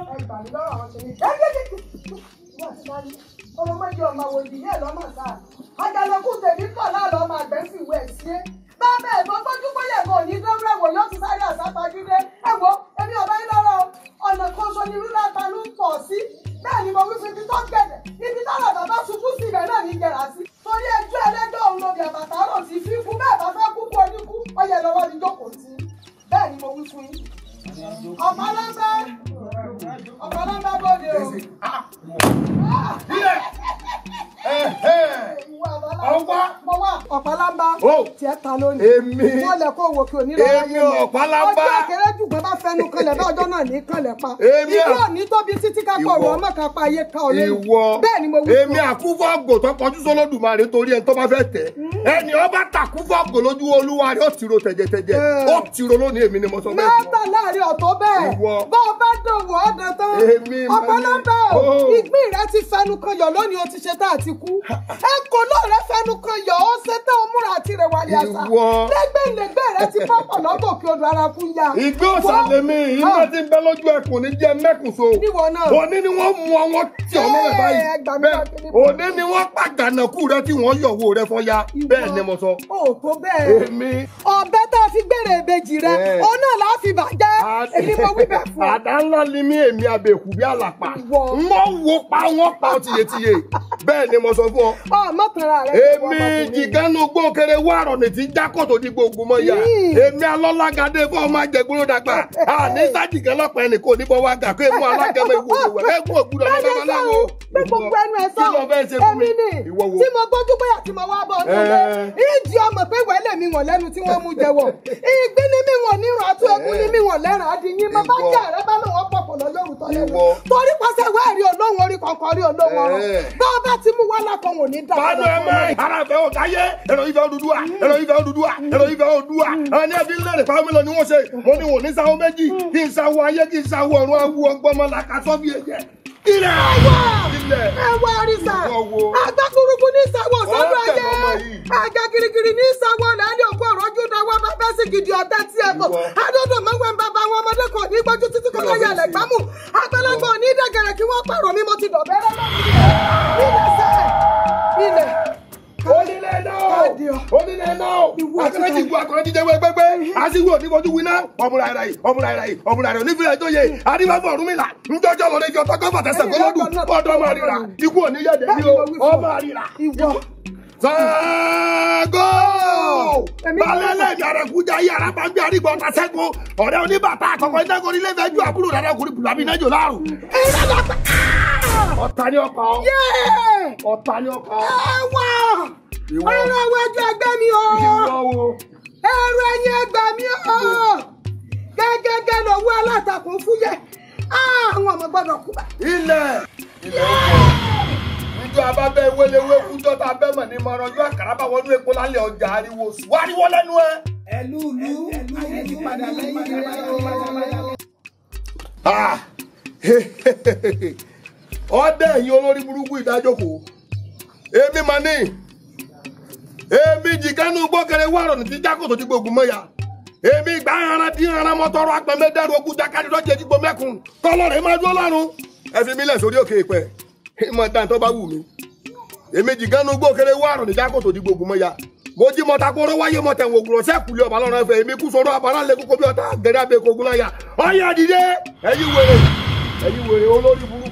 ọmọ méjì ọmọ wo ìdílé lọ́mọ sáà àjàlẹ̀kùn tèmi kọ̀ láàlọ́ ọmọ àgbẹ̀ sì wẹ̀ sí é bá bẹ́ẹ̀ gbọ́ kó wò kí onílọ́wọ́ yé mi. èmi ọ̀pá ìṣẹ̀lẹ̀ ọjọ́ náà ní kànlẹ̀ pa ìlú òní tóbi títí ká kọ̀ ọ̀rọ̀ ọmọ ká pa ayé ká ọ̀lẹ́ bẹ́ẹ̀ ni mo wí fún ọ. èmi àkúfọ́ àgbò tó kọjú sólódùmarè torí ẹni tó bá fẹ́ tẹ̀ hmm. ẹni ọba tàkúfọ́ àgbò lójú olúwa rẹ̀ ó ti ro tẹ̀jẹ̀tẹ̀jẹ̀ hmm. ó ti ro lónìí èmi ni mo sọ bẹ́ẹ̀ fún ọ. mẹ́ta láàrin ọ̀tọ́ bẹ́ẹ̀ bá ọ bá dòwò ọ̀dọ̀ tán ọ̀pẹ́ ló bá ọ ìgbín rẹ ti fẹnu kan yọ lónìí o ti ṣe tá àti kú ẹ kò náà rẹ fẹnu kan yọ ó ṣe tá o múra àti rẹ wálé àṣà lẹ́gbẹ̀lẹ́gbẹ̀ rẹ ti pápọ̀ lọ́gọ̀kì odò ara fún ya. ìgbé òsàlẹ̀ mi iná tí ń bẹ lójú ẹkùn ní jẹ́ mẹ́kùnso òní ni wọ́n mú ọ wọ́n tì ọ́ mọ́lẹ̀ báyìí bẹ́ẹ̀ òní ni wọ́n pàgànàkú rẹ tí wọ́n yọ̀wọ́ rẹ fọ́ya bẹ́ẹ̀ ni mo sọ. o tó bẹ́ẹ̀ ọ̀bẹ tó fi gbèrè ìbejì rẹ òun náà láà fi bàjẹ́ èmi mo wí bẹ́ẹ̀ fún. àdá ńlá ni mí èmi àbẹ̀kù bí àlàpà wọ́n wo pa wọ́n pa ọ tiyetiye bẹ́ẹ̀ ni mo sọ fún ọ. ọ mọ tara rẹ. èmi jìgánu gbókèrè wàrọ̀ nìtí jákòtò ní gbogbo mọ́ ya èmi alọ́lágadé fún ọmọ àjẹgbólódàgbà àní sáàjì gan lọ́pàá ẹnì kò ní bọ́ wá gà pé mú alágẹ̀mọ ìwò ìwò ẹ̀gbọ́n ògbúdọ̀ ní babaláwo. pé gbogbo ẹnu ẹ sọ èmi ni tí mo gbójú bóyá tí mo wá bọ ọdún lé ìjì ọmọ pé wẹ́lẹ̀ mi wọ̀n lẹ́nu tí wọ́n mú jẹ́wọ́ ìgbín ni mi wọ̀n nírun àti ẹkún ni mi wọ̀n lẹ́ràn á yín mo bá jẹ́ àrẹ bá lóun ọ̀pọ̀pọ̀ lọ́lọ́run tọ́ lẹ́nu torí pàṣẹ wẹ́ẹ̀rí olóhùn orí kankan rí olóhùn ọ̀rọ̀ eh. bá a bá ti mú wá lákan wò ní dáadáa. bá a lọ ẹ mẹ́rin ara fẹ́ kí n sáwọ ayé kí n sáwọ ọ̀run awu ọgbọ́mọ làkàtọ́ bí ẹ̀jẹ̀. ilẹ̀ ilẹ̀ ẹ̀wọ̀ àrísà agbákurukú ní sáwọ sọ́dọ̀ ayé àga kirikiri ní sáwọ làálẹ̀ òkú ọ̀rọ̀ ojú náà wọ́n máa fẹ́ sí gidi ọ̀tá tí ẹ bọ̀ adọ́dọ̀ mọ́wẹ́ ń bàbá wọn ọmọdé kan ní gbọ́jú títí kan láyé alẹ́ gbámù àgbàlagbà ò ní dẹ̀gẹ̀rẹ̀ kí wọ́n pààrọ̀ mi mo ti dọ̀bẹ́rẹ́ lọ́wọ́ ilẹ̀ sẹ́ẹ̀ ilẹ̀ onílé náà onílé náà akẹ́rẹ́ ti gu akọ̀rẹ́ jíjẹ wẹ́ pẹ́pẹ́ asiwu oníkojú winá ọmúra ẹ̀rà yìí ọmúra ẹ̀rà yìí ọmúra ẹ̀rà onífìlẹ̀ tó yẹ adébáfọ̀ ọ̀rúnmìlà ńjọ́jọ́ lọ́dẹ jọ tọ́kọ́ fàtẹ́sẹ̀ gbọ́dọ̀dù ọ̀dọ́ ọmọ àríra ikú òní yẹ̀dẹ̀ ní o ọmọ àríra. Ṣàngó! Balẹ̀lẹ̀ ìdàrẹ̀kújà yìí arábàgbé arígbọ̀ ọ̀tà sẹ́gun ọ̀rẹ́ oníbàtà àkọ́kọ́ ìdágọ́rí lẹ́fẹ̀ẹ́ ju àbúrò rẹ̀ ọkùnrin bùlámi náà jò láàrú. Ẹ̀rọ lọ́pàá. ọ̀tá ọkọ ọkọ̀ ọkọ ọkọ. ọkọ̀. ẹwà ọ̀rọ̀ iwájú ẹgbẹ́ mi o ẹ̀rọ ẹ̀yìn ẹgbẹ́ mi o gẹ́gẹ́gẹ́ lọ́wọ́ alátakùn fúyẹ́ àwọn ọmọ gbọ́dọ̀ kú ilẹ̀ ilẹ̀ ìjọ ìjọ abábẹ́ wéléwé kújọ́ tá a bẹ́ mọ̀ ní wọnú epo lálẹ́ ọjà ariwo sùn ẹ. ẹlú ìlú ọdẹ ẹ̀yin olórí burúkú ìdájọkọ èmi mà ní èmi jìkánú gbọkẹrẹ wàrọ ní ti jákòtò ti gbogbo mọya èmi gbà ara dín ara mọtọrọ agbẹmẹ dẹrù ogun jákàdé lọjẹ dígbò mẹkùn kọlọrẹ máa dúró lọ́rùn ẹ mi lẹ̀ sórí òkè ìpẹ ìmọ̀ dáhùn bá wù mí èmi jìkánú gbọkẹrẹ wàrọ ní jákòtò gbogbo ya, mo jí mọta kóró wáyé mọta ìwò ògùn ọ̀sẹ̀ ọba èmi kú bí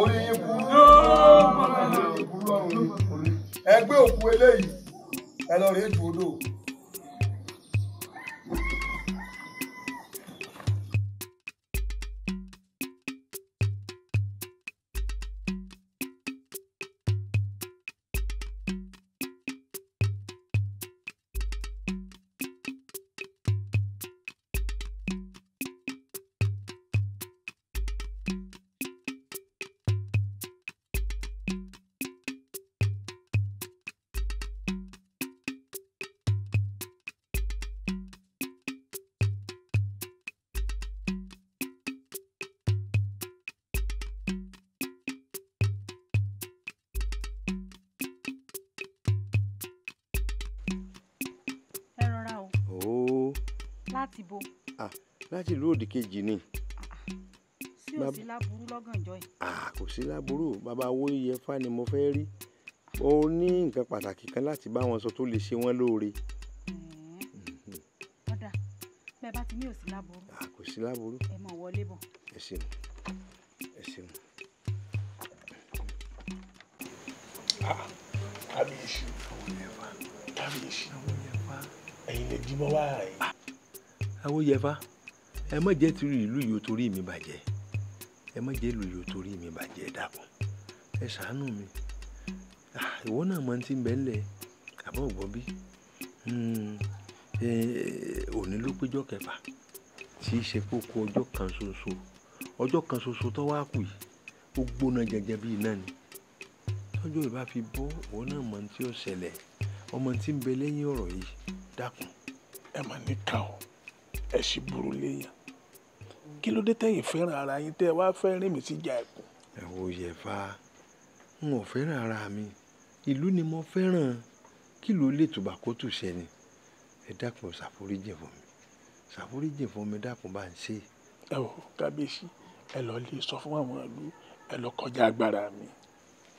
orí yín ẹgbẹ́ òkú eléyìí ẹ lọ rèé dùn odò. láti bo. Ah, láti ìlú òdì kejì ni. sí ò sí láburú lọ́gànjọ́ yìí. Ah, kò sí láburú bàbá wo fa ni mo fẹ́ rí ó ní nǹkan pàtàkì kan láti bá wọn sọ tó lè ṣe wọn lóore. ọ̀dà bẹ́ẹ̀ bá ti ní ò sí láburú. Ah, kò sí láburú. ẹ mọ̀ wọlé bọ̀. ẹ ṣeun ẹ ṣeun. kábíyèsí kábíyèsí ẹ̀yin lè jí mọ́ wáyà awóyẹfà ẹ má jẹ́ tìrì ìlú yìí ó torí mi bàjẹ́ ẹ má jẹ́ ìlú yìí ó torí mi bàjẹ́ dàpọ̀ ẹ ṣàánú mi ah, ìwọ náà mọ ti ń bẹ ńlẹ̀ àbọ̀ ọ̀gbọ́ bí hmm, òní ló péjọ kẹfà tí í ṣe kókó ọjọ́ kan ṣoṣo ọjọ́ kan ṣoṣo tó wá kù yìí ó gbóná jẹjẹ bíi náà ni tọ́jú ìbá fi bọ́ ìwọ náà mọ tí ó ṣẹlẹ̀ ọmọ tí ń bẹ lẹ́yìn ọ̀rọ̀ yìí dákun ẹ mà ní ká o ẹ sì burú léèyàn kí ló dé tẹ̀yin fẹ́ràn ara yín tẹ́ ẹ wá fẹ́ rìn mí síjà ẹ̀kú. ẹ wo yẹfa n ò fẹ́ràn ara mi ìlú ni mo fẹ́ràn kí ló lè tùbà kó tù sẹ́ni ẹ dákun ṣàforíjì fún mi ṣàforíjì fún mi dákun bá ń ṣe. ẹ o kábíyèsí ẹ lọ lè sọ fún àwọn ìlú ẹ lọ kọjá agbára mi.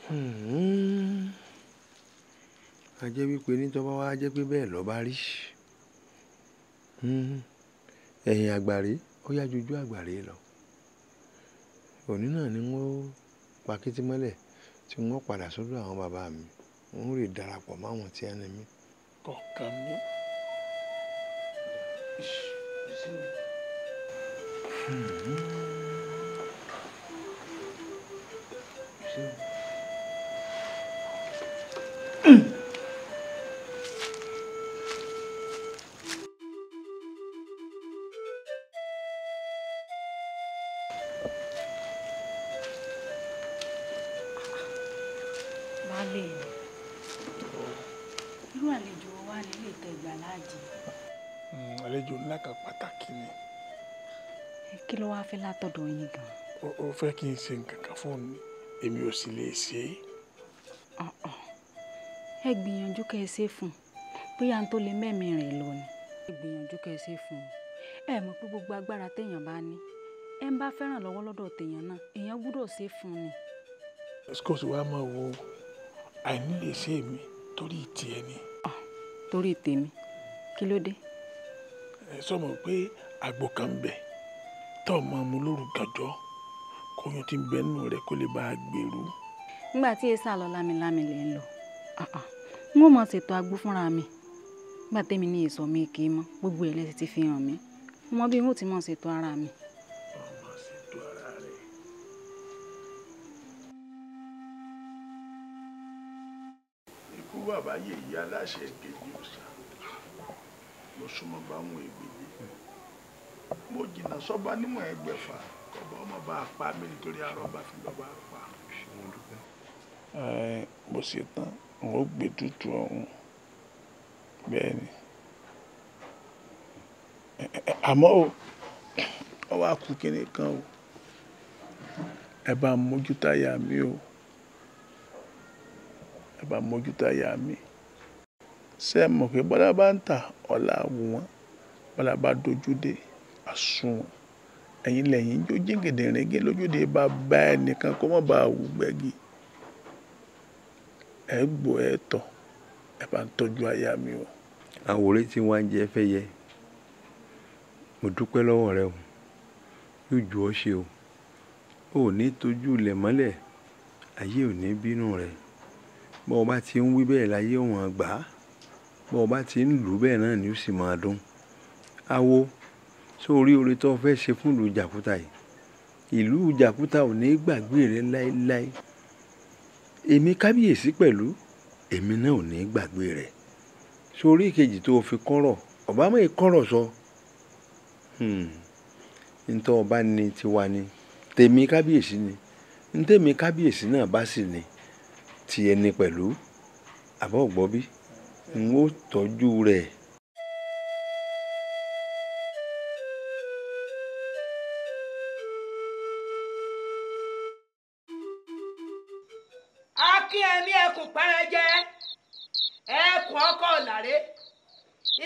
Hmm. a jẹ́ wípé nítọ́ bá wá jẹ́ pé bẹ́ẹ̀ lọ́ọ́ bá rí. Mm-hmm ẹ̀yìn àgbàre ó yá ju ojú àgbàre lọ òní náà ni wọ́n pa kété mọ́lẹ̀ tí wọ́n padà sọ́dọ̀ àwọn bàbá mi wọ́n rè darapọ̀ máwọn tí a ní mi. kọ̀ọ̀kan mi. Mm-hmm. fẹ́ kí n ṣe nǹkan kan fún mi èmi ò sì lè ṣe é. ẹ gbìyànjú kẹ́ ẹ ṣe fún un bóyá n tó lè mẹ́mìí rẹ̀ lọ ni ẹ gbìyànjú kẹ́ ẹ ṣe fún un ẹ mọ̀ pé gbogbo agbára téèyàn bá ní ẹ ń bá fẹ́ràn lọ́wọ́ lọ́dọ̀ téèyàn náà èèyàn gbúdọ̀ ṣe fún un ni. scott wàá máa wo àìní lè ṣe èmi torí tiẹ̀ ni. torí tèmi kí ló dé. ẹ sọ ma pé àgbo kan bẹ tó o máa mu lóru gàjọ́ oyún tí ń bẹ nínú rẹ kó lè bá a gbèrú. nígbà tí èsà lọ lámilámi lè ń lọ n ó mọ ṣètò agbó fúnra mi nígbà tẹ́mi ní èso mi kì í mọ gbogbo ẹ̀ lẹ́sìn ti fi hàn mí ọmọ bí n ó ti mọ ṣètò ara mi. bàbá yèyí aláṣẹ kejì ọ̀sà lọ súnmọ́ bá àwọn ègbèdè mo jìnnà sọ́ba nímọ̀ ẹgbẹ̀fà ọmọ ọmọ bá pa mí nítorí àrọ́bà fi lọ́ba pa. mo ṣe tán n ó gbé tútù ọ̀hún bẹ́ẹ̀ ni àmọ́ o ọwọ́ àkú kínní kan o ẹ bá mójú táyà mi o ẹ bá mójú táyà mi ṣé ẹ mọ̀ pé bọ́lá bá ń tà ọ̀la wù wọ́n bọ́lá bá dojú dé àsùnwọ̀n ẹ̀yin lẹ́yìn jó jíǹgìdìríngé lójúde bá bá ẹnìkan kó mọ́ bá wù gbẹ́gi ẹ gbọ́ ẹ tọ̀ ẹ bá ń tọ́jú aya mi o. àwòrán tí wọ́n á jẹ fẹ́ yẹ mo dúpẹ́ lọ́wọ́ rẹ o yóò ju ọ ṣe o ò ní tójú ilẹ̀ mọ́lẹ̀ ayé ò ní bínú rẹ bọ́ ọ bá ti ń wí bẹ́ẹ̀ láyé òun àgbà bọ́ ọ bá ti ń lù ú náà ni ó sì máa dún awo sórí oore tó fẹ́ ṣe fún ìlú jàkúta yìí ìlú jàkúta ò ní gbàgbé rẹ láéláé èmi kábíyèsí pẹ̀lú èmi náà ò ní gbàgbé rẹ sórí ìkejì tó fi kọ́rọ̀ ọ̀bámọ̀ ìkọ́rọ̀ sọ ntọ́ ọba ni tiwa ni tèmi kábíyèsí ni ntẹ́mi kábíyèsí náà bá sì ni ti ẹni pẹ̀lú àbọ̀ n ó tọ́jú rẹ̀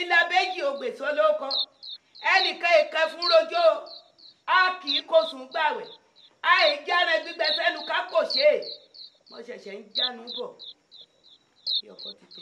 ìlàbẹ́jì ògbèsó lóko ẹnìkan ìkẹ́ fún rojọ́ a kì í kóṣùn gbàwẹ̀ a ì jára gbígbẹ sẹ́nu ká kò ṣe é mo ṣẹ̀ṣẹ̀ ń jánu bọ̀ bí ọkọ ti tó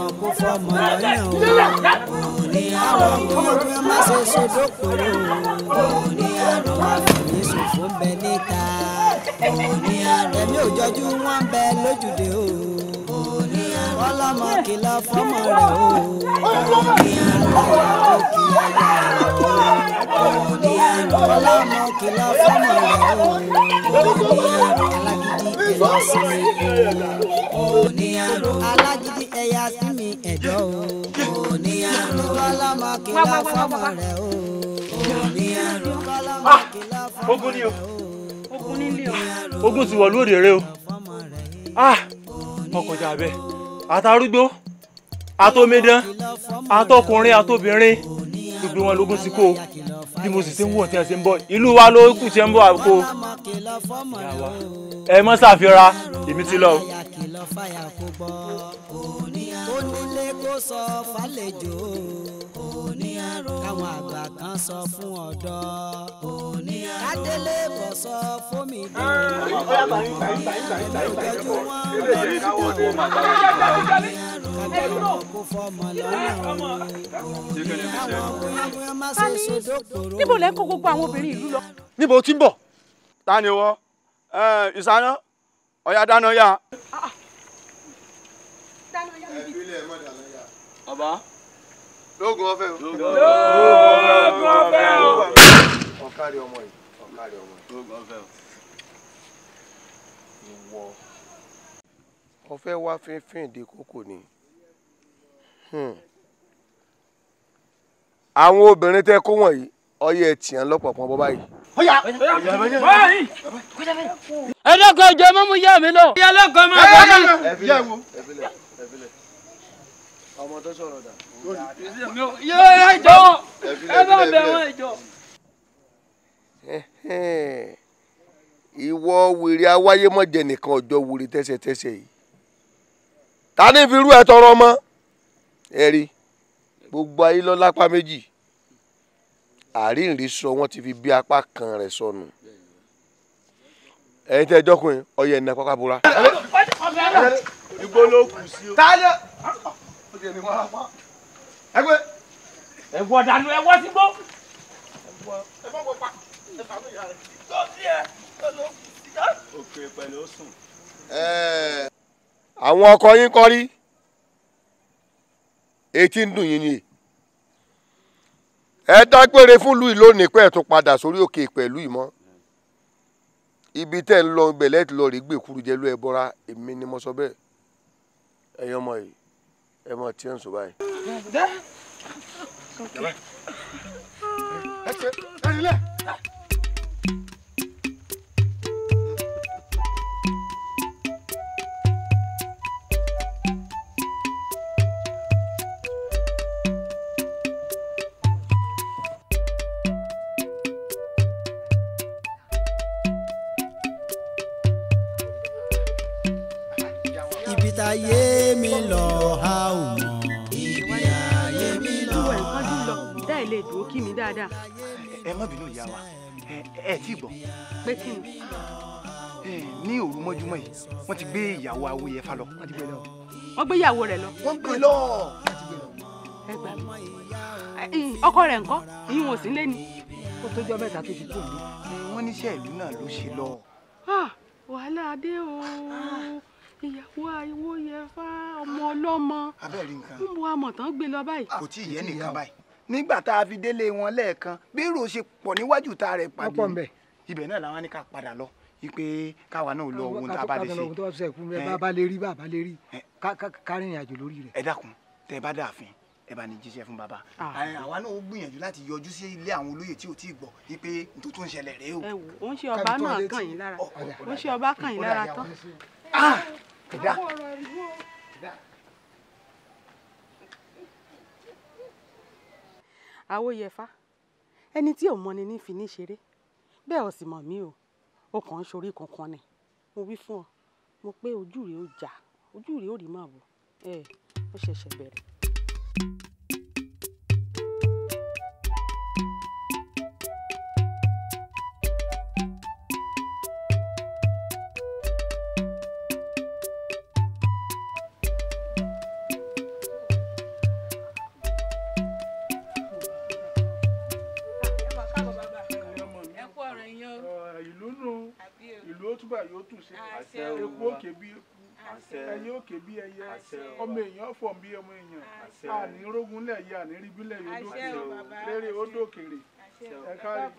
fọmọ lọ́yàn o òní àrùn ojú ẹ má ṣe sọdọ́kọ̀ọ́ òní àrùn àfẹ̀mí ṣòfò ń bẹ níta òní àrùn ẹ̀mí òjọ́jú wọn ń bẹ lójúde o òní àrùn ọlọ́mọ kìlọ̀ fọmọ rẹ̀ o òní àrùn ọlọ́mọ kìlọ̀ fọmọ rẹ̀ o òní àrùn ọlọ́mọ kìlọ̀ fọmọ rẹ̀ o òní àrùn alágídí kìlọ̀ sí i òní àrùn alágídí ẹ̀yà sí i ẹ̀dọ́ o. òní àrùn kọ́lámàkìlá fọ́mọ rẹ̀ o. òní àrùn kọ́lámàkìlá fọ́mọ rẹ̀ o. ogun nílé o. ogun ti wọ̀ lóde rẹ o. Ah, ọkọ̀ jà bẹ́ẹ̀ àtàrúgbó àtòmídán àtọkùnrin àtòbìnrin gbogbo wọn lógún ti kó bí mo sì ti ń wọ̀ tí a ti ń bọ̀ ìlú wa ló kù tí ń bọ̀ àkó ẹ mọ́ ṣàfihàn èmi ti lọ sọ fàlejò òní àrò káwọn àgbà kan sọ fún ọ̀dọ́ òní àrò kádélé kò sọ fómi dò òní àrò tọ́jú wọn lọ́dún òní àrò kájọ kó fọmọ lọ́nà òní àwọn kúnyánmúnyán má ṣe níbo lẹ kó gbogbo àwọn obìnrin ìlú lọ. níbo tí ń bọ̀ ta ni wọ́ ìsáná ọ̀yà dáná yá. dáná yá mi bí bàbá. lóògùn ọ̀fẹ́ o. lóògùn ọ̀fẹ́ o. ọ̀kárí ọmọ yìí ọ̀kárí ọmọ yìí. lóògùn ọ̀fẹ́ o. ìwọ ọ̀fẹ́ wá fínfín ìdí kókò ni àwọn obìnrin tẹ kó wọ̀nyí ọyẹ tìyàn lọ́pọ̀pọ̀ bọ́ báyìí. ẹlẹ́kọ̀ọ́ ìjọ mọ́mú yá mi lọ. ẹlẹ́kọ̀ọ́ máa bá mi ọmọ tó sọ̀rọ̀ dà. yóò ẹjọ ẹ bá bẹ wọn ẹjọ. ìwọ wèrè awáyé mọ̀jẹ̀ nìkan ọjọ́ wèrè tẹ́sẹ̀tẹ́sẹ̀ yìí ta ní fi irú ẹ tọrọ ọmọ ẹ rí gbogbo ayé lọ lápá méjì àríǹrí sọ wọn ti fi bí apá kan rẹ sọnù ẹ̀yin tẹ ẹjọkùnrin ọyẹ ẹnà kọkàbúra. igbó ló kù sí o bí ẹni wọn á pa. ẹ gbé. ẹ̀wọ̀ dànù ẹ̀wọ̀ sí gbó. ẹ̀wọ̀ ẹ̀fọ́ kò pa ẹ̀fọ́ àmì ìyá rẹ̀. tó sí ẹ lọ síta. òkè pẹ̀lú ó sùn. àwọn ọkọ yín kọ́ rí etí ń dùn yín ni ẹ dágbére fún lùí lónìí pé ẹ tún padà sórí òkè pẹ̀lú ìmọ̀ ibi tẹ́ ń lọ ibẹ̀ lẹ́tì lọ rí gbèkúrú jẹ́lú ẹ bọ́ra èmi ni mo sọ bẹ́ẹ̀ ẹ̀yin yìí ẹ mọ tí ó ń sọ báyìí. ẹ ṣe ẹ nílẹ̀. kí mi dáadáa. ẹ má bínú ìyá wa ẹ ti gbọ́. pé kí ni. ní òru mọ́júmọ́ yìí wọ́n ti gbé ìyàwó Awóyẹfà lọ. wọ́n ti gbé lọ. wọ́n gbé ìyàwó rẹ̀ lọ. wọ́n gbé lọ. ẹ gbà mí ọkọ rẹ̀ ńkọ́ ìyún ò sí lé ni. ó tọ́jọ́ mẹ́ta tó ti kú mi. wọ́n níṣẹ́ ìlú náà ló ṣe lọ. wàhálà dé o ìyàwó Awóyẹfà ọmọ ọlọ́mọ. abẹ́rẹ́ nǹkan. ń bu amọ̀tán gbé lọ báyìí. kò tí ì yẹ nìkan báyìí nígbà tá a fi délé wọn lẹ́ẹ̀kan bí èrò ṣe pọ̀ níwájú ta rẹ̀ pàdé ibẹ̀ náà làwọn ní ká padà lọ ipe káwa náà lọ ohun tá a bá lè ṣe. káwa náà ṣe kú bá bá lè rí bá bá lè rí kárìnrìn àjò lórí rẹ̀. ẹ dákun tẹ bá dààfin ẹ bá ní jíṣẹ́ fún bàbá ah. àwa náà ó gbìyànjú láti yọjú sí ilé àwọn olóyè tí ò tí ì gbọ́ wípé tó tún ṣẹlẹ̀ rèé o. ẹ wò ó ń ṣe ọba náà kàn yín lára ó ń ṣe ọba kàn yín lára tán. Ah, ẹ dá. awóyẹfà ẹni tí ò mọni ní fi ní ṣeré bẹ́ẹ̀ ò sì mọ̀ mí o ó kàn ń ṣorí kankan ni mo wí fún ọ mo pé ojú rẹ ó jà ojú rẹ ó rí màá ẹ ó ṣẹ̀ṣẹ̀ bẹ̀rẹ̀. ṣe eku òkè bí eku ẹyẹ òkè bí ẹyẹ ọmọ èèyàn fọ̀ bí ọmọ èèyàn ànírógúnlẹ̀ yìí àníríbílẹ̀ yìí lérè ódòkèrè ẹ̀ka rẹ̀.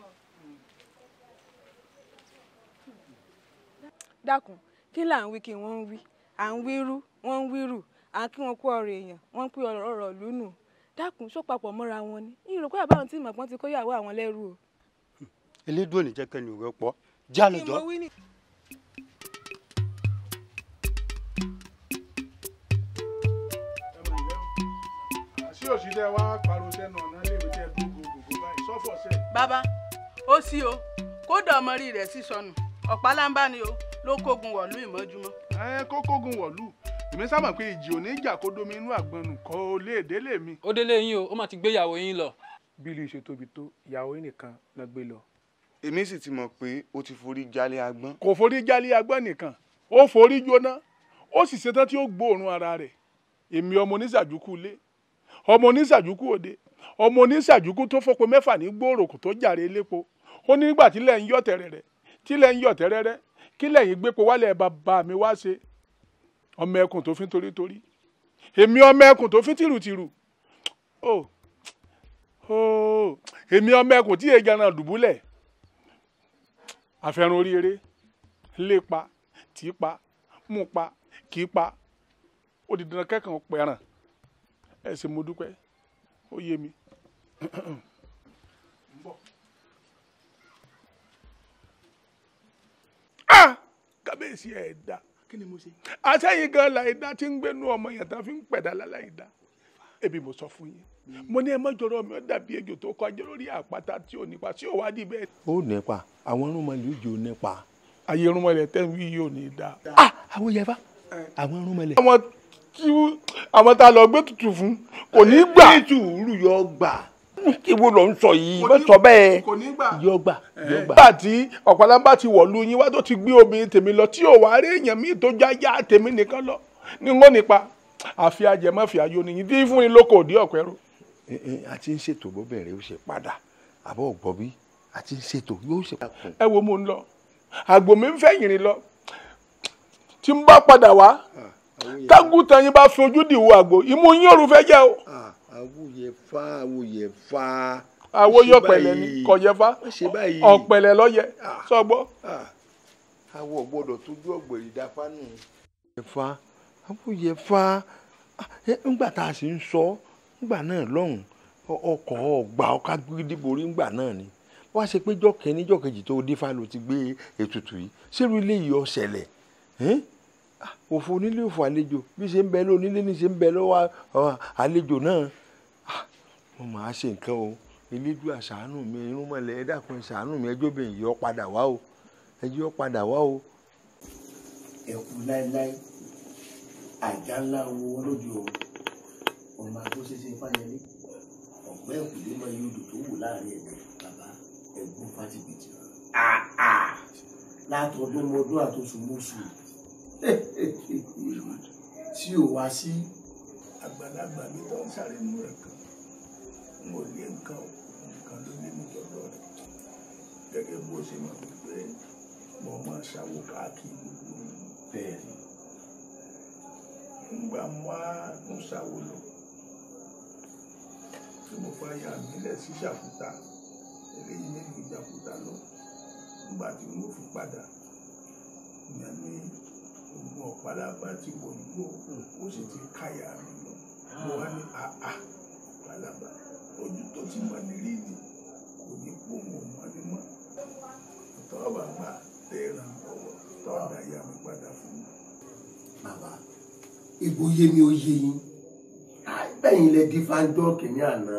dákun kí là ń wí kí wọ́n ń wí à ń wírú wọ́n ń wírù à ń kí wọn kú ọ̀rọ̀ èèyàn wọ́n ń pín ọ̀rọ̀ lónù dákun sọ papọ̀ mọ́ra wọn ni ìrò pé àbáwọn tí ìmọ̀pọ́n ti kó yàwó àwọn lẹ́rú o. elédùn ò ní jẹ́ kẹ́ni òwe pọ̀ jálùjọ́. tí òsì dẹ wá pariwo sẹ́nu ọ̀nà ilé ìwé tẹ gbogbogbò báyìí sọ́fọ̀ sẹ́. bàbá ó sí o kódà ọmọ rí rẹ̀ sí sọnù ọ̀pá ni o ló kógun wọ̀lú ìmọ́júmọ́. ẹ kó kógun wọ̀lú èmi sábà pé ìjì ò ní ìjà kó dómi inú àgbọnù kọ ó lé délé mi. ó délé yín o ó mà ti gbé ìyàwó yín lọ. bí ilé ṣe tóbi tó ìyàwó yín nìkan lọ gbé lọ. èmi sì ti mọ̀ pé ó ti forí jálé agbọ́n. kò forí jálé agbọ́n nìkan ó forí jóná ó sì ṣetán tí ó gbóòórùn ara rẹ̀ èmi ọmọ oníṣàjùkú ilé ọmọ onísàjúkú òde ọmọ onísàjúkú tó fọpo mẹ́fà ní gbòòrò tó jàre lépo ó ní nígbà tílẹ̀ ń yọ̀ tẹ̀rẹ̀rẹ̀ tílẹ̀ ń yọ̀ tẹ̀rẹ̀rẹ̀ kílẹ̀ yìí gbépo wálẹ̀ bàbá mi wá ṣe ọmọ ẹkùn tó fi torítorí èmi ọmọ ẹkùn tó fi tìrùtìrù o oh, o oh, èmi ọmọ ẹkùn tí èèyàn náà dùbúlẹ̀ àfẹ́ràn oríire lè pa tì í pa mú pa kì í pa ó di dandan kẹ́kọ̀ọ́ pẹ̀ràn ẹ ṣe mo dúpẹ́ ó yé mi. Ah! kábíyèsí ẹ̀ dá kí ni mo ṣe. àtẹ̀yìn gan láìda tí ń gbénu ọmọ yẹn tán fi ń pẹ̀dá láìda ebi mo sọ fún yín mo ní ẹ má jọrọ mi ó dàbí ejò tó kọjá lórí àpáta tí ò nípa tí ò wá dì bẹ́ẹ̀. ó nípa àwọn irúnmọlẹ̀ yóò jò nípa. ayé irúnmọlẹ̀ tẹ́ ń wí yóò ní í dáa. Ah! àwọn yẹn bá àwọn irúnmọlẹ̀ tí àwọn tá a lọ gbé tutù fún kò ní eh, gbà. ní tùrù yọ gbà. kí wo ló ń sọ yìí wọ́n sọ bẹ́ẹ̀ yọ gbà yọ eh. gbà. nígbà tí ọ̀pọ̀lọpọ̀ ti wọ̀lú yín wá tó ti gbé obìnrin tèmi lọ tí ò wá rí èèyàn míì tó já yá tèmi nìkan lọ ní ngó nípa àfi ajẹmọ́fì ayò nìyí tí fún ni lóko òdì ọ̀pẹ́ rò. Eh, a ti ń ṣètò bóbẹ̀rẹ̀ ó ṣe padà àbọ̀ ọ̀gbọ́ bí a ti ń ṣètò yóò ṣe. ẹ wo mo ń lọ àgbò mi ń fẹ́ yìnrìn lọ tí ń bá padà wá. Ah tágùtàn yín bá fi ojú dìwọ àgbo imú yín òru fẹ́ jẹ́ o. àwòyẹ fa àwòyẹ fa. àwòyẹ ọ̀pẹ̀lẹ̀ ni kọ̀yẹ fa ọ̀pẹ̀lẹ̀ lọ́yẹ sọ́gbọ́. àwọ̀ gbọ́dọ̀ tójú ọ̀gbẹ̀rì dáfá nù. fa àwòyẹ fa ńgbà tá a sì ń sọ ńgbà náà lọ́hùn ọkọ̀ ọgbà ọkà gidi borí ńgbà náà ni wá ṣe pé jọ́kẹ́ ní jọ́kejì tó dífá ló ti gbé ètùtù yìí ṣé irú ilé yìí ó ṣẹlẹ̀ òfò onílé òfò àlejò bí ṣe ń bẹ lọ onílé ní ṣe ń bẹ lọ́wọ́ àlejò náà ah, mo máa ṣe nǹkan o elédú àṣàánú mi irun mọ̀lẹ́ ẹ dákun ṣàánú mi ẹjọ́ bẹ̀ yọ padà wá o ẹjọ́ padà wá o. ẹ̀kú láéláé àjà ńlá wo lójú o ọmọ tó ṣeṣe fáyẹlé ọ̀pẹ́ ẹ̀kúlé máa yọ odò tó wù láàrin ẹ̀dẹ̀ bàbá ẹ̀gbọ́n fásitì ah, ah. láti ọdún mọ́dún àtòsùn tí ò wá sí àgbàlagbà mi tó ń sáré mú rẹ̀ kan n ò lé nǹkan nǹkan ló lé mi lọ́dọ̀ rẹ̀ gẹ́gẹ́ bó ṣe mọ̀ pé mo máa ṣàwò káàkiri gbogbo bẹ́ẹ̀ ni nígbà wá ń ṣàwò lọ tí mo fa ya mílẹ̀ sí ṣàkúta eléyìí mélòó ìjàkúta lọ nígbà tí mo fi padà ìyá ní gbogbo ọ̀pálápá ti wò nígbò ó sì ti káyà mi lọ mo wá ní àà ọ̀pálápá ojú tó ti mọ ní rídì kò ní kó wọn mọ ní mọ tọ́wọ́ gbà tẹ́ ràn lọ́wọ́ tọ́wọ́ dá padà fún mi. bàbá ìbò yé mi ó yé yín bẹ́yìn lẹ di fáńjọ́ kìíní àná.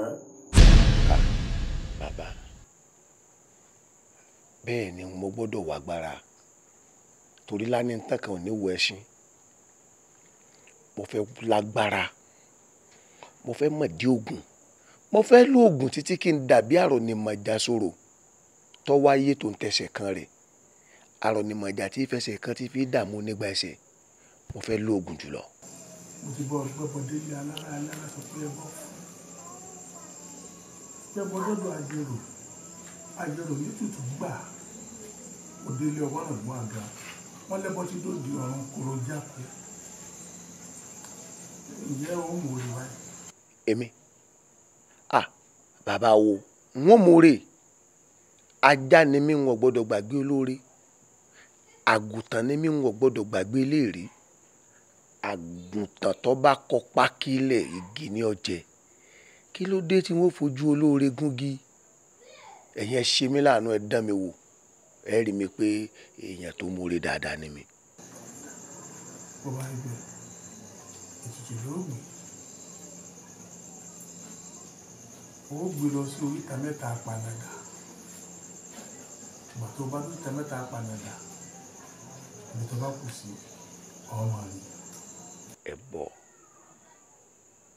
bàbá bẹ́ẹ̀ ni mo gbọ́dọ̀ wá gbára torí lánìí tán kan ò ní wo ẹṣin mo fẹ́ lágbára mo fẹ́ mọ̀dí oògùn mo fẹ́ lo oògùn títí kí n dàbí àrònìmọ̀já sòrò tọ́wọ́ ayé tó ń tẹsẹ̀ kan rẹ̀ àrònìmọ̀já tí fẹsẹ̀ kan ti fi dààmú nígbà ẹsẹ̀ mo fẹ́ lo oògùn jùlọ. mo ti bọ ọ̀pọ̀pọ̀ débi alára alára sọ pé ẹ bọ̀ ẹ bọ̀ lọ́dọ̀ àjèrò àjèrò ní tutù gbà òdélé ọgbọ́n àga wọ́n lẹ́bọ́ tí dòdì ọ̀run kòrò jáko ǹjẹ́ ó mú orí èmi ah bàbá wo wọn mórè ajá ni mí wọn gbọ́dọ̀ gbàgbé olóore àgùntàn ni mí wọn gbọ́dọ̀ gbàgbé léèrè àgùntàn tó bá kọ pákílẹ̀ igi ní ọ̀jẹ̀ kí ló dé tí wọ́n fojú olóore gúngi ẹ̀yin ẹ ṣe mí láàánú ẹ dán mi wò ẹ rí mi pé èèyàn tó múre dáadáa ni mi. ó wá ibẹ̀ èjìjì ló gbìn ó gbé lọ sí oríta mẹ́ta panadà ìgbà tó bá lóríta mẹ́ta panadà ibi tó bá kù sí ọmọ rẹ. ẹ bọ̀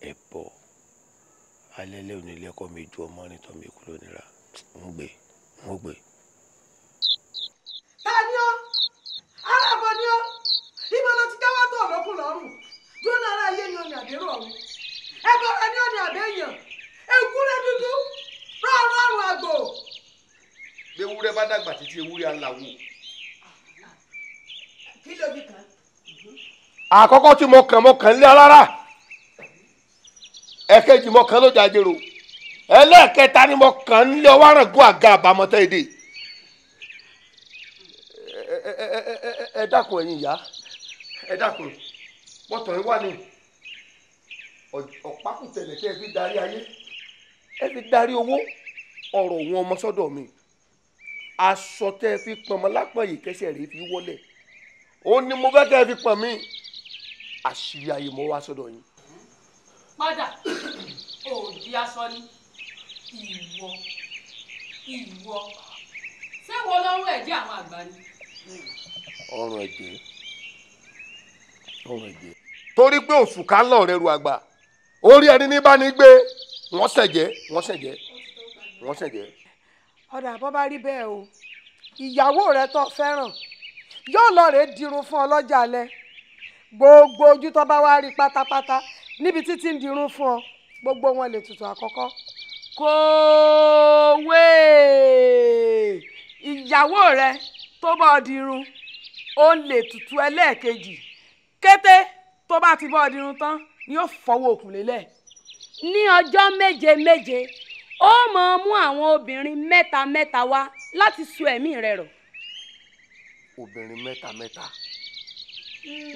ẹ bọ̀ alẹ́ lẹ́yìn onílẹ̀kọ́ mi ju ọmọ nítorí mi kúrò nira ń gbé ń gbé. ewúrẹ́ bá dàgbà títí ewúrẹ́ kan. àkọ́kọ́ tí mo kàn mo kàn lé rárá ẹ̀kejì mo kàn lójà jèrò ẹlẹ́ẹ̀kẹta ni mo kàn ń lé ọwọ́ àràngún àga àbámọ́tẹ́ èdè ẹ dákun ẹ̀yin ìyá ẹ dákun pọ̀tọ̀ yín wà ní ọ̀pákùtẹ̀lẹ̀ tẹ́ ẹ fi darí ayé ẹ fi darí aṣọ tẹ́ ẹ fi pọ̀n mọ́ lápọ̀ yìí kẹsẹ̀ rẹ̀ fi wọlé ó ní mo fẹ́ kẹ́ ẹ fi pọ̀n mí àṣírí ayé mo wá sọ́dọ̀ yín. padà òòdì aṣọ ni ìwọ ìwọ ṣé wo lọ́rùn àwọn àgbà ni. ọrùn ẹ̀jẹ̀ ọrùn ẹ̀jẹ̀. torí pé òṣùká lọ rẹ ru àgbà orí ẹni ní bá ní gbé wọ́n ṣẹ̀jẹ̀ wọ́n ṣẹ̀jẹ̀ wọ́n ṣẹ̀jẹ̀ ọ̀dà bọ́ bá rí bẹ́ẹ̀ o ìyàwó rẹ tó fẹ́ràn yóò lọ rèé dirun fún ọ lọ́jà alẹ́ gbogbo ojú tó bá wá rí pátápátá níbi títí ń dirun fún ọ gbogbo wọn lè tutù àkọ́kọ́ kòwé ìyàwó rẹ tó bá ọ dirun ó lè tutù ẹlẹ́ẹ̀kejì kété tó bá ti bá dirun tán ni ó fọwọ́ òkùnlélẹ̀ ní ọjọ́ méje méje ó máa mú àwọn obìnrin mẹ́ta mẹ́ta wá láti so ẹ̀mí rẹ̀ rọ̀. obìnrin mẹ́ta mẹ́ta. Mm,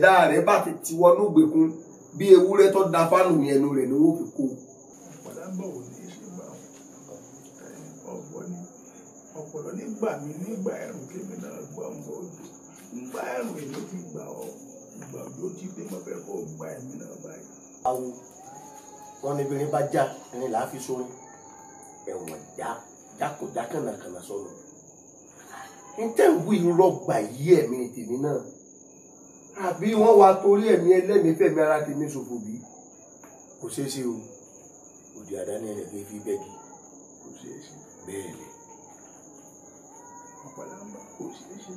ẹ̀dá rẹ̀ bá ti ti wọnú gbèkùn bí ewúrẹ́ tó da fánù ní ẹnu rẹ̀ ni wọ́n fi kó. ọ̀pọ̀lọ́ nígbà mi nígbà ẹ̀rùn kémi náà gbọ́ ọmọ òjò nígbà ẹ̀rùn èmi ti gbà ọ́ ìgbà òjò ti dé mo fẹ́ kó gba ẹ̀mí náà báyìí. awo wọn ní obìnrin bá já ẹni là á fi sórin ẹ̀wọ̀n já jákòjá kànàkànà sọnù ntẹ̀ ń wí irọ́ yí ẹ̀mí tèmi náà àbí wọ́n wá torí ẹ̀mí ẹlẹ́mìí fẹ̀mí ara tèmi ṣòfò bí kò ṣeé ṣe o òdì àdáni ẹ̀rẹ̀ fẹ́ fi bẹ́ẹ̀gì kò ṣeé ṣe bẹ́ẹ̀ ni ọ̀pọ̀lọpọ̀ kò ṣeé ṣe.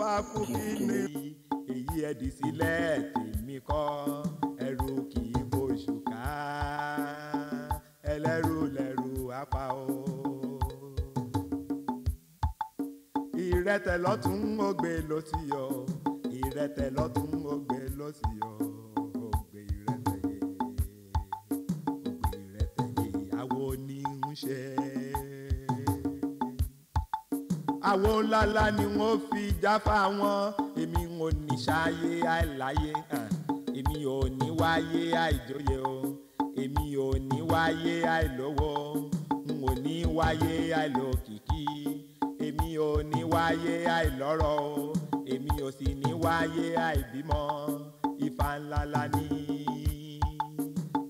fáfú kíni. èyí ẹ̀dì sílẹ̀ tèmi kọ́ ẹrù kì í bóṣù ká ẹlẹ́rù lẹ́rù apá o. ìrẹtẹ̀ lọ́tún ògbè ló ti yọ ìrẹtẹ̀ lọ́tún ògbè ló ti yọ. ògbè ìrẹtẹ̀ yé ni ń jáfa wọn èmi ò ní ṣáyé àìláyé èmi ò ní wáyé àìjóyè o èmi ò ní wáyé àìlówó n ò ní wáyé àìlókìkí èmi ò ní wáyé àìlọ́rọ̀ o èmi ò sì ní wáyé àìbímọ ìfà ńlá la ní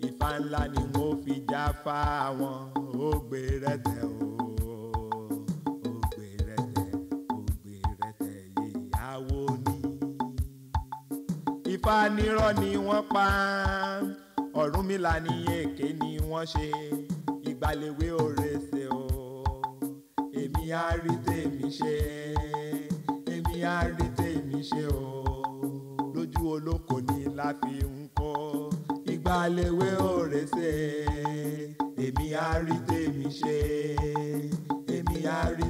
ìfà ńlá ni mo fi jáfa wọn ó gbé rẹ̀ tẹ̀ o. onírọ́ ni wọ́n pa Ọ̀rúnmìlà ní èké ni wọ́n ṣe ìgbàlèwé òrèsè o èmi á rí tèmi ṣe èmi á rí tèmi ṣe o lójú olóko ni láfi ń kọ́ ìgbàlèwé òrèsè èmi á rí tèmi ṣe èmi á rí